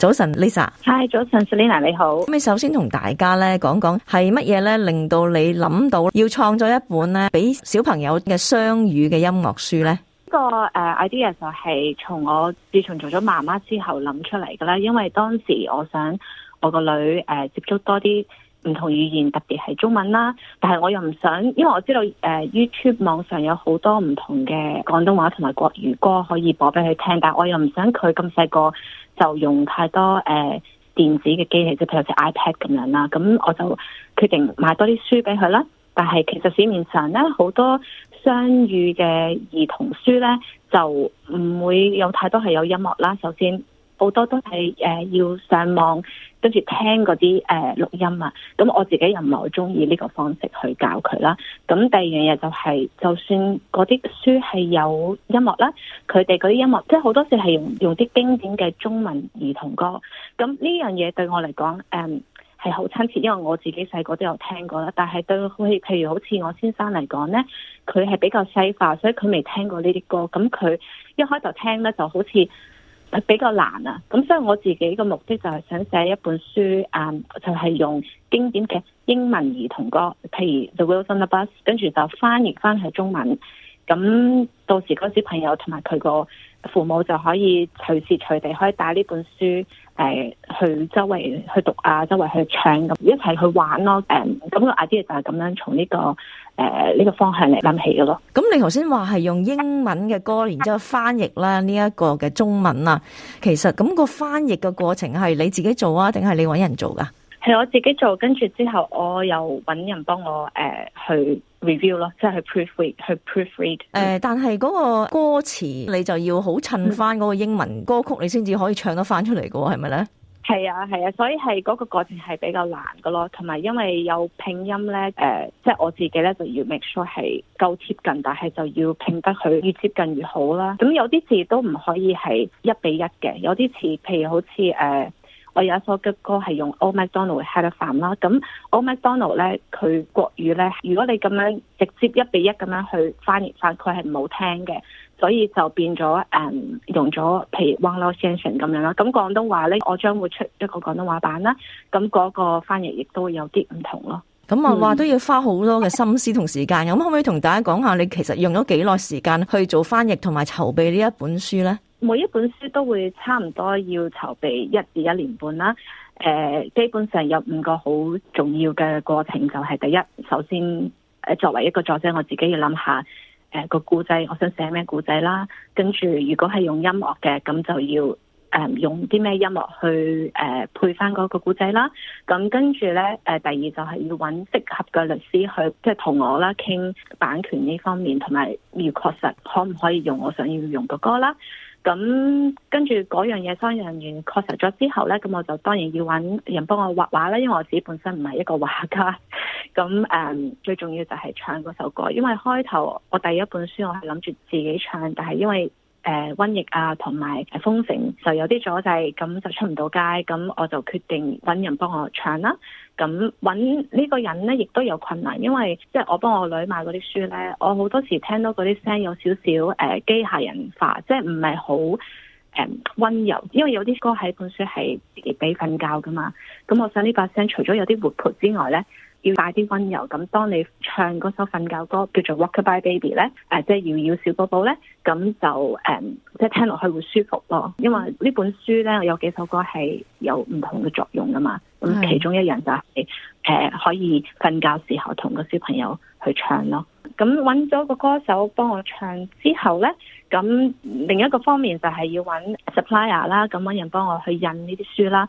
早晨，Lisa。Hi，早晨，Selina，你好。咁你首先同大家咧講講係乜嘢咧，令到你諗到要創作一本咧，俾小朋友嘅雙語嘅音樂書咧？呢、這個誒、uh, idea 就係從我自從做咗媽媽之後諗出嚟噶啦，因為當時我想我個女誒、uh, 接觸多啲。唔同語言，特別係中文啦。但係我又唔想，因為我知道誒、呃、YouTube 網上有好多唔同嘅廣東話同埋國語歌可以播俾佢聽，但係我又唔想佢咁細個就用太多誒、呃、電子嘅機器，即譬如好似 iPad 咁樣啦。咁我就決定買多啲書俾佢啦。但係其實市面上咧好多雙語嘅兒童書咧，就唔會有太多係有音樂啦。首先。好多都係誒要上網跟住聽嗰啲誒錄音啊，咁我自己又唔係好中意呢個方式去教佢啦。咁第二樣嘢就係、是，就算嗰啲書係有音樂啦，佢哋嗰啲音樂即係好多時係用用啲經典嘅中文兒童歌。咁呢樣嘢對我嚟講，誒係好親切，因為我自己細個都有聽過啦。但係對好譬如好似我先生嚟講呢，佢係比較西化，所以佢未聽過呢啲歌。咁佢一開頭聽咧，就好似。比較難啊！咁、嗯、所以我自己個目的就係想寫一本書，誒、嗯、就係、是、用經典嘅英文兒童歌，譬如 The Wheels on the Bus，跟住就翻譯翻係中文，咁、嗯、到時嗰小朋友同埋佢個父母就可以隨時隨地可以帶呢本書，誒、呃、去周圍去讀啊，周圍去唱，咁一齊去玩咯，誒、呃、咁、個 idea 就係咁樣從呢個誒呢個方向嚟諗起嘅咯。咁你頭先話係用英文嘅歌，然之後翻譯啦呢一個嘅中文啊，其實咁、個翻譯嘅過程係你自己做啊，定係你搵人做噶？係我自己做，跟住之後我又搵人幫我誒、呃、去。review 咯，嗯，即係去 proofread 去 proofread 誒，但係嗰個歌詞你就要好襯翻嗰個英文歌曲，嗯、你先至可以唱得翻出嚟噶喎，係咪咧？係啊，係啊，所以係嗰個過程係比較難噶咯，同埋因為有拼音咧，誒、呃，即係我自己咧就要 make sure 係夠貼近，但係就要拼得佢越接近越好啦。咁有啲字都唔可以係一比一嘅，有啲字，譬如好似誒。呃我有一首嘅歌係用 Old MacDonald Had a Farm 啦，咁 Old MacDonald 咧佢國語咧，如果你咁樣直接一比一咁樣去翻譯翻，佢係唔好聽嘅，所以就變咗誒、嗯、用咗譬如王老先生咁樣啦。咁廣東話咧，我將會出一個廣東話版啦，咁嗰個翻譯亦都會有啲唔同咯。咁啊話都要花好多嘅心思同時間咁。 可唔可以同大家講下你其實用咗幾耐時間去做翻譯同埋籌備呢一本書咧？每一本書都會差唔多要籌備一至一年半啦。誒、呃，基本上有五個好重要嘅過程，就係、是、第一，首先誒作為一個作者，我自己要諗下誒個故仔，我想寫咩故仔啦。跟住如果係用音樂嘅，咁就要誒、呃、用啲咩音樂去誒、呃、配翻嗰個故仔啦。咁跟住呢，誒、呃，第二就係要揾適合嘅律師去即係同我啦傾版權呢方面，同埋要確實可唔可以用我想要用嘅歌啦。咁跟住嗰樣嘢，商量完確實咗之後呢，咁我就當然要揾人幫我畫畫啦。因為我自己本身唔係一個畫家。咁誒、嗯，最重要就係唱嗰首歌，因為開頭我第一本書我係諗住自己唱，但係因為。誒、呃、瘟疫啊，同埋封城就有啲阻滯，咁就出唔到街，咁我就決定揾人幫我唱啦。咁揾呢個人呢，亦都有困難，因為即係我幫我女買嗰啲書呢，我好多時聽到嗰啲聲有少少誒、呃、機械人化，即係唔係好誒溫柔，因為有啲歌喺本書係自己俾瞓覺㗎嘛。咁我想呢把聲除咗有啲活潑之外呢要快啲溫柔咁，當你唱嗰首瞓覺歌叫做《Walk By Baby》咧，誒、啊，即係搖搖小寶寶咧，咁就誒、嗯，即係聽落去會舒服咯。因為呢本書咧，有幾首歌係有唔同嘅作用噶嘛，咁其中一樣就係、是、誒是、呃、可以瞓覺時候同個小朋友去唱咯。咁揾咗個歌手幫我唱之後咧，咁另一個方面就係要揾 supplier 啦，咁揾人幫我去印呢啲書啦。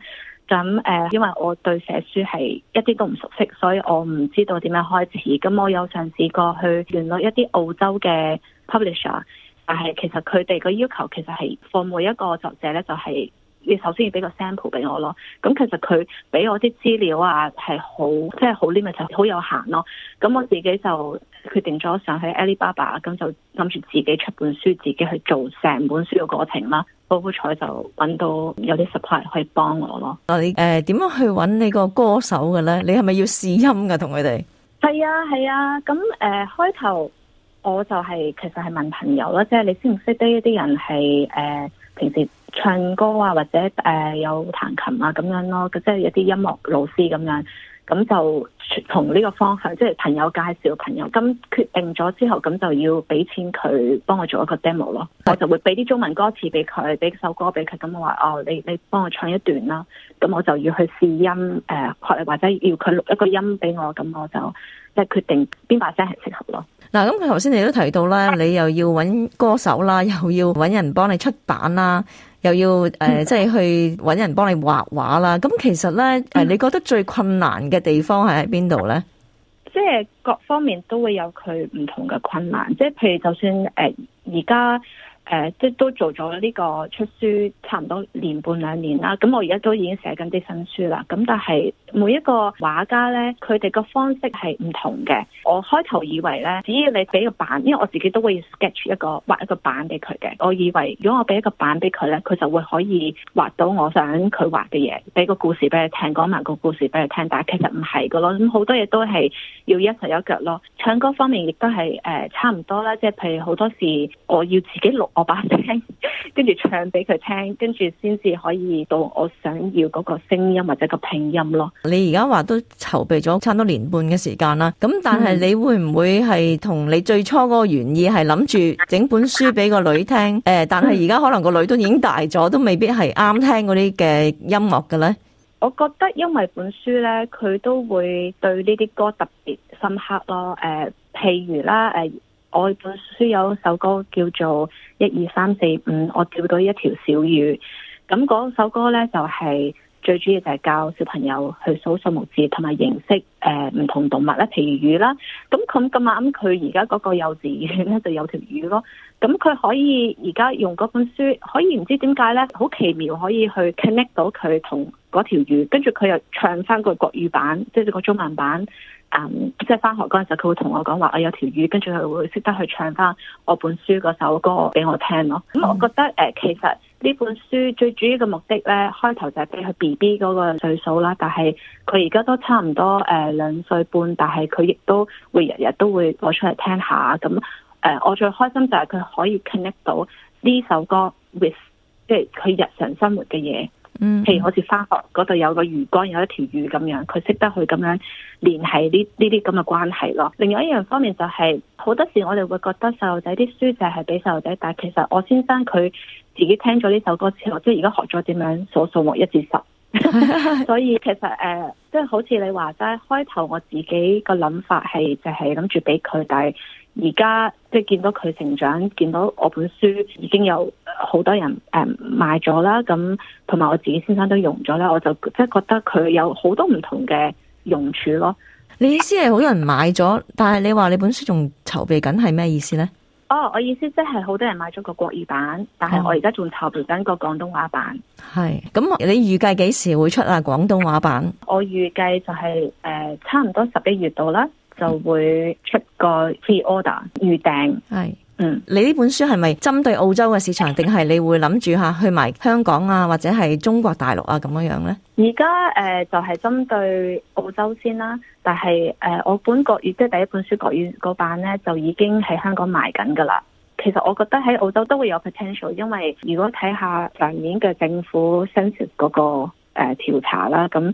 咁誒，因為我對寫書係一啲都唔熟悉，所以我唔知道點樣開始。咁我有嘗試過去聯絡一啲澳洲嘅 publisher，但係其實佢哋個要求其實係 for 每一個作者咧就係、是。你首先要俾個 sample 俾我咯，咁其實佢俾我啲資料啊係好即係好 limit 好有限咯，咁我自己就決定咗上去 Alibaba，咁就諗住自己出本書，自己去做成本書嘅過程啦。好彩就揾到有啲 support 去幫我咯。啊，你誒點樣去揾你個歌手嘅呢？你係咪要試音嘅同佢哋？係啊係啊，咁誒、啊嗯呃、開頭我就係、是、其實係問朋友啦，即係你識唔識得一啲人係誒、呃、平時，唱歌啊，或者誒、呃、有彈琴啊咁樣咯、啊，即係有啲音樂老師咁樣，咁就從呢個方向，即係朋友介紹朋友，咁決定咗之後，咁就要俾錢佢幫我做一個 demo 咯。是我就會俾啲中文歌詞俾佢，俾首歌俾佢，咁我話哦，你你幫我唱一段啦。咁我就要去試音，誒、呃、或或者要佢錄一個音俾我，咁我就即係決定邊把聲係適合咯。嗱，咁佢頭先你都提到啦，你又要揾歌手啦，又要揾人幫你出版啦。又要誒，即係去揾人幫你畫畫啦。咁其實呢，誒，你覺得最困難嘅地方係喺邊度呢？即係各方面都會有佢唔同嘅困難。即係譬如，就算誒而家誒，即都做咗呢個出書差唔多年半兩年啦。咁我而家都已經寫緊啲新書啦。咁但係。每一個畫家咧，佢哋個方式係唔同嘅。我開頭以為咧，只要你俾個版，因為我自己都會 sketch 一個畫一個版俾佢嘅。我以為如果我俾一個版俾佢咧，佢就會可以畫到我想佢畫嘅嘢，俾個故事俾佢聽，講埋個故事俾佢聽。但係其實唔係㗎咯，咁好多嘢都係要一手一腳咯。唱歌方面亦都係誒差唔多啦，即係譬如好多時我要自己錄我把聲，跟 住唱俾佢聽，跟住先至可以到我想要嗰個聲音或者個拼音咯。你而家話都籌備咗差唔多年半嘅時間啦，咁但係你會唔會係同你最初嗰個原意係諗住整本書俾個女聽？誒，但係而家可能個女都已經大咗，都未必係啱聽嗰啲嘅音樂嘅呢？我覺得因為本書呢，佢都會對呢啲歌特別深刻咯。誒，譬如啦，誒，我本書有首歌叫做一二三四五，我釣到一條小魚。咁嗰首歌呢，就係。最主要就係教小朋友去數數目字，同埋認識誒唔同動物咧，譬如魚啦。咁咁咁啱佢而家嗰個幼稚園咧就有條魚咯。咁佢可以而家用嗰本書，可以唔知點解咧，好奇妙可以去 connect 到佢同嗰條魚，跟住佢又唱翻個國語版，即係個中文版。嗯，即係翻學嗰陣時，佢會同我講話，我有條魚，跟住佢會識得去唱翻我本書嗰首歌俾我聽咯。咁、嗯、我覺得誒、呃，其實。呢本書最主要嘅目的呢，開頭就係俾佢 BB 嗰個歲數啦。但係佢而家都差唔多誒兩歲半，但係佢亦都會日日都會攞出嚟聽下。咁誒，我最開心就係佢可以 connect 到呢首歌 with 即係佢日常生活嘅嘢。嗯、譬如好似返學嗰度有個魚缸，有一條魚咁樣，佢識得去咁樣聯繫呢呢啲咁嘅關係咯。另外一樣方面就係、是、好多時我哋會覺得細路仔啲書就係俾細路仔，但係其實我先生佢。自己聽咗呢首歌之後，即係而家學咗點樣數數目一至十， 所以其實誒，即、呃、係好似你話齋，開頭我自己個諗法係就係諗住俾佢，但係而家即係見到佢成長，見到我本書已經有好多人誒、呃、買咗啦，咁同埋我自己先生都用咗啦，我就即係覺得佢有好多唔同嘅用處咯。你意思係好多人買咗，但係你話你本書仲籌備緊係咩意思呢？哦，我、oh，意思即係好多人買咗個國語版，oh。但係我而家仲籌備緊個廣東話版。係，咁你預計幾時會出啊？廣東話版？我預計就係、是、誒、呃，差唔多十一月度啦，就會出個 pre order 預訂。係。嗯，你呢本書係咪針對澳洲嘅市場，定係你會諗住下去埋香港啊，或者係中國大陸啊咁樣樣呢？而家誒，就係、是、針對澳洲先啦，但係誒、呃，我本國語即係第一本書國語嗰版呢，就已經喺香港賣緊噶啦。其實我覺得喺澳洲都會有 potential，因為如果睇下上年嘅政府 census 嗰個誒調、呃、查啦，咁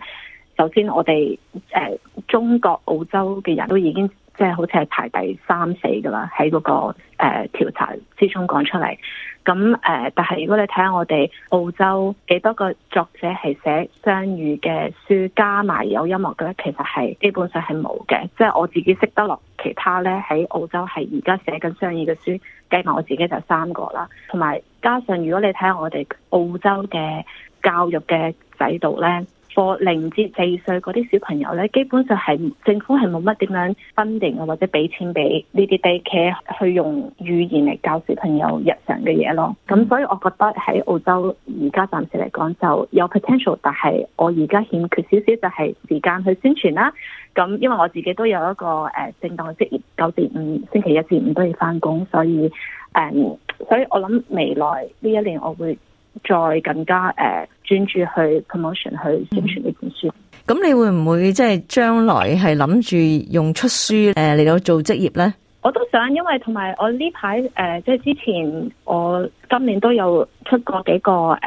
首先我哋誒、呃、中國澳洲嘅人都已經。即係好似係排第三四噶啦，喺嗰、那個誒、呃、調查之中講出嚟。咁誒、呃，但係如果你睇下我哋澳洲幾多個作者係寫雙語嘅書加埋有音樂嘅咧，其實係基本上係冇嘅。即係我自己識得落其他咧，喺澳洲係而家寫緊雙語嘅書，計埋我自己就三個啦。同埋加上如果你睇下我哋澳洲嘅教育嘅制度咧。個零至四歲嗰啲小朋友咧，基本上係政府係冇乜點樣 funding 或者俾錢俾呢啲地企去用語言嚟教小朋友日常嘅嘢咯。咁所以我覺得喺澳洲而家暫時嚟講就有 potential，但係我而家欠缺少少就係時間去宣傳啦。咁因為我自己都有一個誒正當職業，九至五星期一至五都要翻工，所以誒、嗯，所以我諗未來呢一年我會。再更加誒專注去 promotion 去宣傳呢本書，咁你會唔會即係將來係諗住用出書誒嚟到做職業呢？我都想，因為同埋我呢排誒，即係之前我今年都有出過幾個誒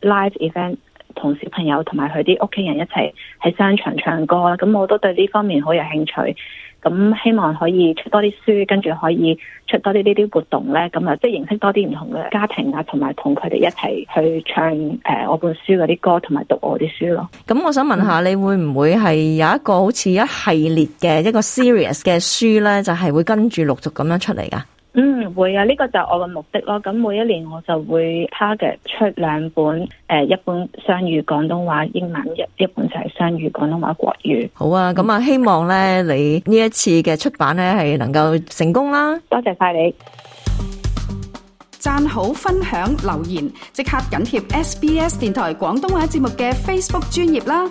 live event，同小朋友同埋佢啲屋企人一齊喺商場唱歌啦，咁我都對呢方面好有興趣。咁希望可以出多啲書，跟住可以出多啲呢啲活動呢。咁啊即係認識多啲唔同嘅家庭啊，同埋同佢哋一齊去唱誒、呃、我本書嗰啲歌，同埋讀我啲書咯。咁、嗯、我想問下，你會唔會係有一個好似一系列嘅一個 series 嘅書呢？就係、是、會跟住陸續咁樣出嚟噶？嗯，會啊，呢、這個就我嘅目的咯。咁、嗯、每一年我就會 target 出兩本，誒、呃，一本雙語廣東話英文，一一本就係雙語廣東話國語。好啊，咁啊，希望咧你呢一次嘅出版咧係能夠成功啦。多謝晒你，讚好、分享、留言，即刻緊貼 SBS 電台廣東話節目嘅 Facebook 專頁啦。